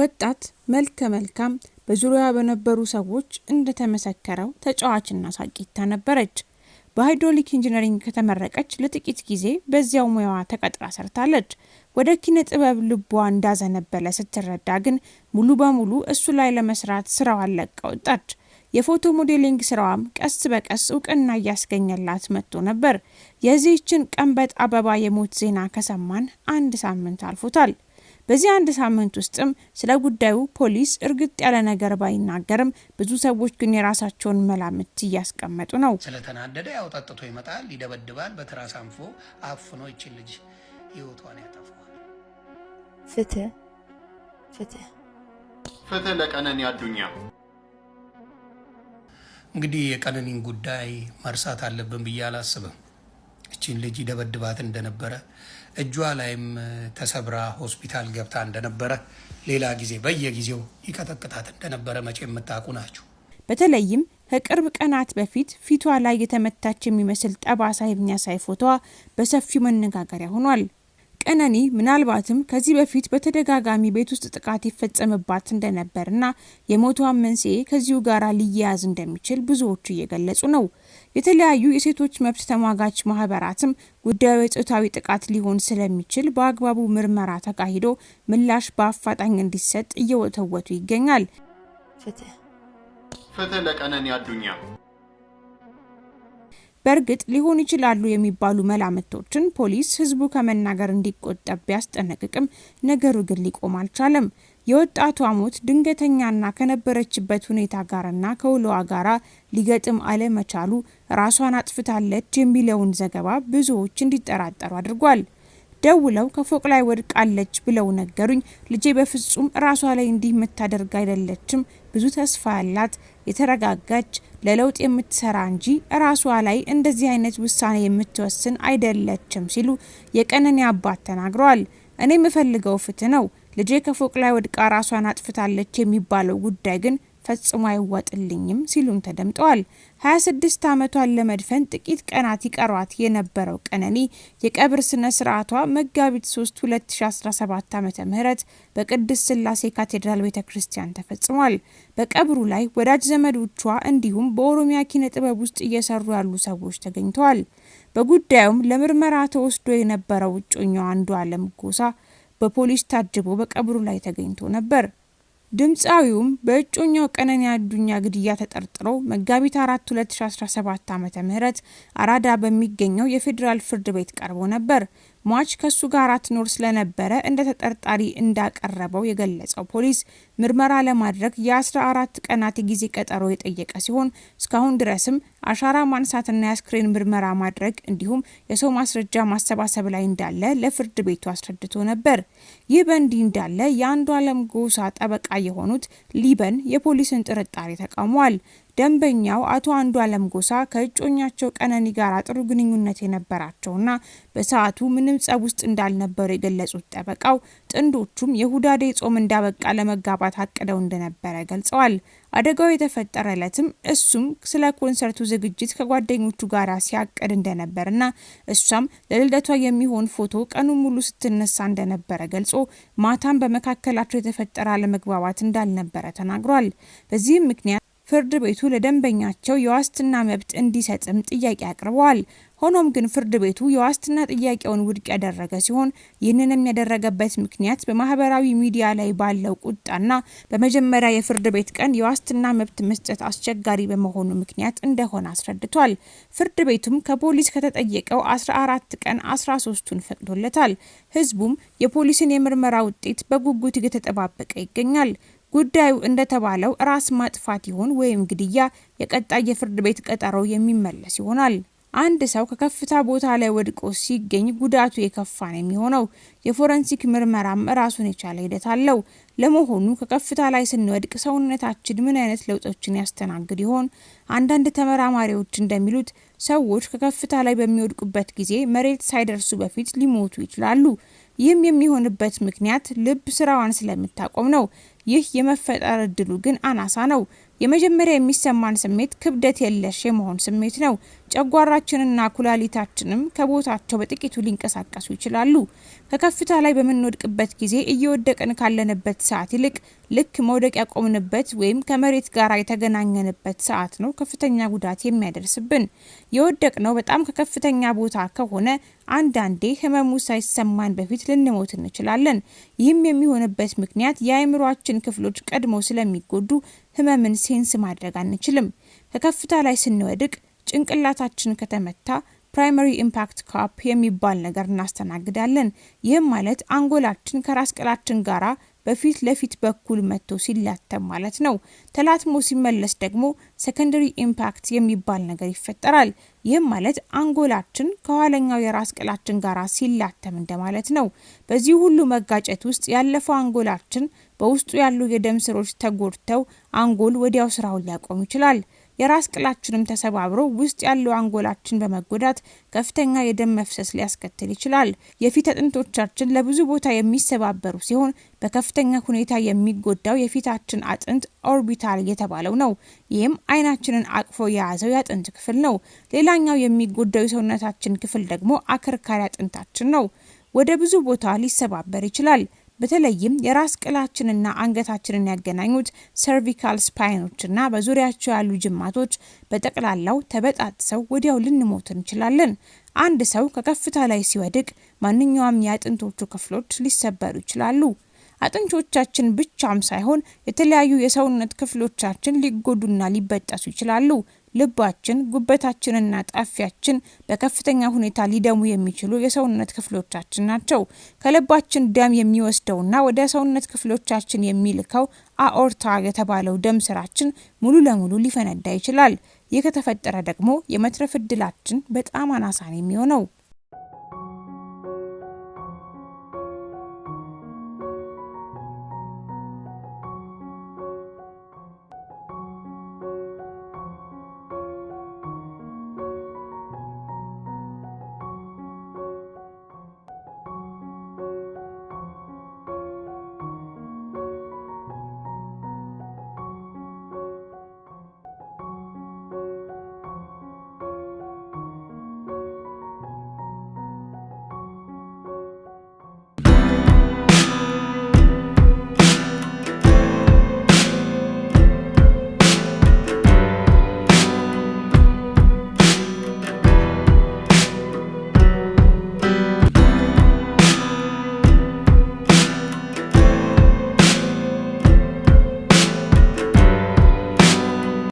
ወጣት መልከ መልካም በዙሪያዋ በነበሩ ሰዎች እንደተመሰከረው ተጫዋችና ሳቂታ ነበረች። በሃይድሮሊክ ኢንጂነሪንግ ከተመረቀች ለጥቂት ጊዜ በዚያው ሙያዋ ተቀጥራ ሰርታለች። ወደ ኪነ ጥበብ ልቧ እንዳዘነበለ ስትረዳ ግን ሙሉ በሙሉ እሱ ላይ ለመስራት ስራዋን ለቃ ወጣች። የፎቶ ሞዴሊንግ ስራዋም ቀስ በቀስ እውቅና እያስገኘላት መጥቶ ነበር። የዚህችን ቀንበጥ አበባ የሞት ዜና ከሰማን አንድ ሳምንት አልፎታል። በዚህ አንድ ሳምንት ውስጥም ስለ ጉዳዩ ፖሊስ እርግጥ ያለ ነገር ባይናገርም ብዙ ሰዎች ግን የራሳቸውን መላምት እያስቀመጡ ነው። ስለተናደደ ያው ጠጥቶ ይመጣል፣ ይደበድባል፣ በትራስ አንፎ አፍኖ ይችን ልጅ ህይወቷን ያጠፋል። ፍትህ ፍትህ ፍትህ ለቀነኒ አዱኛ። እንግዲህ የቀነኒን ጉዳይ መርሳት አለብን ብዬ አላስብም። እችን ልጅ ይደበድባት እንደነበረ እጇ ላይም ተሰብራ ሆስፒታል ገብታ እንደነበረ ሌላ ጊዜ በየጊዜው ይቀጠቅጣት እንደነበረ መቼ የምታውቁ ናቸው። በተለይም ከቅርብ ቀናት በፊት ፊቷ ላይ የተመታች የሚመስል ጠባሳ የሚያሳይ ፎቶዋ በሰፊው መነጋገሪያ ሆኗል። ቀነኒ ምናልባትም ከዚህ በፊት በተደጋጋሚ ቤት ውስጥ ጥቃት ይፈጸምባት እንደነበርና የሞቷን መንስኤ ከዚሁ ጋር ሊያያዝ እንደሚችል ብዙዎቹ እየገለጹ ነው። የተለያዩ የሴቶች መብት ተሟጋች ማህበራትም ጉዳዩ የጾታዊ ጥቃት ሊሆን ስለሚችል በአግባቡ ምርመራ ተካሂዶ ምላሽ በአፋጣኝ እንዲሰጥ እየወተወቱ ይገኛል። ፍትህ ፍትህ ለቀነኒ አዱኛ። በእርግጥ ሊሆን ይችላሉ የሚባሉ መላምቶችን ፖሊስ ህዝቡ ከመናገር እንዲቆጠብ ቢያስጠነቅቅም ነገሩ ግን ሊቆም አልቻለም። የወጣቷ ሞት ድንገተኛና ከነበረችበት ሁኔታ ጋርና ከውሎዋ ጋር ሊገጥም አለመቻሉ ራሷን አጥፍታለች የሚለውን ዘገባ ብዙዎች እንዲጠራጠሩ አድርጓል። ደውለው ከፎቅ ላይ ወድቃለች ብለው ነገሩኝ። ልጄ በፍጹም ራሷ ላይ እንዲህ የምታደርግ አይደለችም፣ ብዙ ተስፋ ያላት የተረጋጋች ለለውጥ የምትሰራ እንጂ ራሷ ላይ እንደዚህ አይነት ውሳኔ የምትወስን አይደለችም ሲሉ የቀነኒ አባት ተናግረዋል። እኔ የምፈልገው ፍትህ ነው ልጄ ከፎቅ ላይ ወድቃ ራሷን አጥፍታለች የሚባለው ጉዳይ ግን ፈጽሞ አይዋጥልኝም ሲሉም ተደምጠዋል። 26 ዓመቷን ለመድፈን ጥቂት ቀናት ይቀሯት የነበረው ቀነኒ የቀብር ስነ ስርዓቷ መጋቢት 3 2017 ዓ ም በቅድስት ስላሴ ካቴድራል ቤተ ክርስቲያን ተፈጽሟል። በቀብሩ ላይ ወዳጅ ዘመዶቿ እንዲሁም በኦሮሚያ ኪነ ጥበብ ውስጥ እየሰሩ ያሉ ሰዎች ተገኝተዋል። በጉዳዩም ለምርመራ ተወስዶ የነበረው እጮኛ አንዱ አለም ጎሳ በፖሊስ ታጅቦ በቀብሩ ላይ ተገኝቶ ነበር። ድምፃዊውም በእጮኛው ቀነኒ አዱኛ ግድያ ተጠርጥሮ መጋቢት 4 2017 ዓ ም አራዳ በሚገኘው የፌዴራል ፍርድ ቤት ቀርቦ ነበር። ሟች ከሱ ጋር ትኖር ስለነበረ እንደ ተጠርጣሪ እንዳቀረበው የገለጸው ፖሊስ ምርመራ ለማድረግ የ14 ቀናት የጊዜ ቀጠሮ የጠየቀ ሲሆን እስካሁን ድረስም አሻራ ማንሳትና የአስክሬን ምርመራ ማድረግ እንዲሁም የሰው ማስረጃ ማሰባሰብ ላይ እንዳለ ለፍርድ ቤቱ አስረድቶ ነበር። ይህ በእንዲህ እንዳለ የአንዷለም ጎሳ ጠበቃ የሆኑት ሊበን የፖሊስን ጥርጣሬ ተቃውሟል። ደንበኛው አቶ አንዷለም ጎሳ ከእጮኛቸው ቀነኒ ጋር ጥሩ ግንኙነት የነበራቸውና በሰዓቱ ምንም ጸብ ውስጥ እንዳልነበሩ የገለጹት ጠበቃው ጥንዶቹም የሁዳዴ ጾም እንዳበቃ ለመጋባት አቅደው እንደነበረ ገልጸዋል። አደጋው የተፈጠረ ዕለትም እሱም ስለ ኮንሰርቱ ዝግጅት ከጓደኞቹ ጋር ሲያቅድ እንደነበርና እሷም ለልደቷ የሚሆን ፎቶ ቀኑን ሙሉ ስትነሳ እንደነበረ ገልጾ ማታም በመካከላቸው የተፈጠረ አለመግባባት እንዳልነበረ ተናግሯል። በዚህም ምክንያት ፍርድ ቤቱ ለደንበኛቸው የዋስትና መብት እንዲሰጥም ጥያቄ አቅርበዋል። ሆኖም ግን ፍርድ ቤቱ የዋስትና ጥያቄውን ውድቅ ያደረገ ሲሆን ይህንንም ያደረገበት ምክንያት በማህበራዊ ሚዲያ ላይ ባለው ቁጣና በመጀመሪያ የፍርድ ቤት ቀን የዋስትና መብት መስጠት አስቸጋሪ በመሆኑ ምክንያት እንደሆነ አስረድቷል። ፍርድ ቤቱም ከፖሊስ ከተጠየቀው 14 ቀን 13ቱን ፈቅዶለታል። ህዝቡም የፖሊስን የምርመራ ውጤት በጉጉት እየተጠባበቀ ይገኛል። ጉዳዩ እንደተባለው ራስ ማጥፋት ይሆን ወይም ግድያ? የቀጣይ የፍርድ ቤት ቀጠሮ የሚመለስ ይሆናል። አንድ ሰው ከከፍታ ቦታ ላይ ወድቆ ሲገኝ ጉዳቱ የከፋ ነው የሚሆነው። የፎረንሲክ ምርመራም ራሱን የቻለ ሂደት አለው። ለመሆኑ ከከፍታ ላይ ስንወድቅ ሰውነታችን ምን አይነት ለውጦችን ያስተናግድ ይሆን? አንዳንድ ተመራማሪዎች እንደሚሉት ሰዎች ከከፍታ ላይ በሚወድቁበት ጊዜ መሬት ሳይደርሱ በፊት ሊሞቱ ይችላሉ። ይህም የሚሆንበት ምክንያት ልብ ስራዋን ስለምታቆም ነው። ይህ የመፈጠር እድሉ ግን አናሳ ነው። የመጀመሪያ የሚሰማን ስሜት ክብደት የለሽ የመሆን ስሜት ነው። ጨጓራችንና ኩላሊታችንም ከቦታቸው በጥቂቱ ሊንቀሳቀሱ ይችላሉ። ከከፍታ ላይ በምንወድቅበት ጊዜ እየወደቅን ካለንበት ሰዓት ይልቅ ልክ መውደቅ ያቆምንበት ወይም ከመሬት ጋር የተገናኘንበት ሰዓት ነው ከፍተኛ ጉዳት የሚያደርስብን። የወደቅ ነው በጣም ከከፍተኛ ቦታ ከሆነ አንዳንዴ ህመሙ ሳይሰማን በፊት ልንሞት እንችላለን። ይህም የሚሆንበት ምክንያት የአእምሯችን ክፍሎች ቀድሞ ስለሚጎዱ ህመምን ሴንስ ማድረግ አንችልም። ከከፍታ ላይ ስንወድቅ ጭንቅላታችን ከተመታ ፕራይመሪ ኢምፓክት ካፕ የሚባል ነገር እናስተናግዳለን። ይህም ማለት አንጎላችን ከራስ ቅላችን ጋራ በፊት ለፊት በኩል መጥቶ ሲላተም ማለት ነው። ተላትሞ ሲመለስ ደግሞ ሰከንደሪ ኢምፓክት የሚባል ነገር ይፈጠራል። ይህም ማለት አንጎላችን ከኋለኛው የራስ ቅላችን ጋር ሲላተም እንደማለት ነው። በዚህ ሁሉ መጋጨት ውስጥ ያለፈው አንጎላችን በውስጡ ያሉ የደም ስሮች ተጎድተው አንጎል ወዲያው ስራውን ሊያቆም ይችላል። የራስ ቅላችንም ተሰባብሮ ውስጥ ያለው አንጎላችን በመጎዳት ከፍተኛ የደም መፍሰስ ሊያስከትል ይችላል። የፊት አጥንቶቻችን ለብዙ ቦታ የሚሰባበሩ ሲሆን በከፍተኛ ሁኔታ የሚጎዳው የፊታችን አጥንት ኦርቢታል የተባለው ነው። ይህም አይናችንን አቅፎ የያዘው የአጥንት ክፍል ነው። ሌላኛው የሚጎዳው የሰውነታችን ክፍል ደግሞ አከርካሪ አጥንታችን ነው። ወደ ብዙ ቦታ ሊሰባበር ይችላል። በተለይም የራስ ቅላችንና አንገታችንን ያገናኙት ሰርቪካል ስፓይኖችና በዙሪያቸው ያሉ ጅማቶች በጠቅላላው ተበጣጥሰው ወዲያው ልንሞት እንችላለን። አንድ ሰው ከከፍታ ላይ ሲወድቅ ማንኛውም የአጥንቶቹ ክፍሎች ሊሰበሩ ይችላሉ። አጥንቶቻችን ብቻም ሳይሆን የተለያዩ የሰውነት ክፍሎቻችን ሊጎዱና ሊበጠሱ ይችላሉ። ልባችን፣ ጉበታችንና ጣፊያችን በከፍተኛ ሁኔታ ሊደሙ የሚችሉ የሰውነት ክፍሎቻችን ናቸው። ከልባችን ደም የሚወስደውና ወደ ሰውነት ክፍሎቻችን የሚልከው አኦርታ የተባለው ደም ስራችን ሙሉ ለሙሉ ሊፈነዳ ይችላል። ይህ ከተፈጠረ ደግሞ የመትረፍ እድላችን በጣም አናሳን የሚሆነው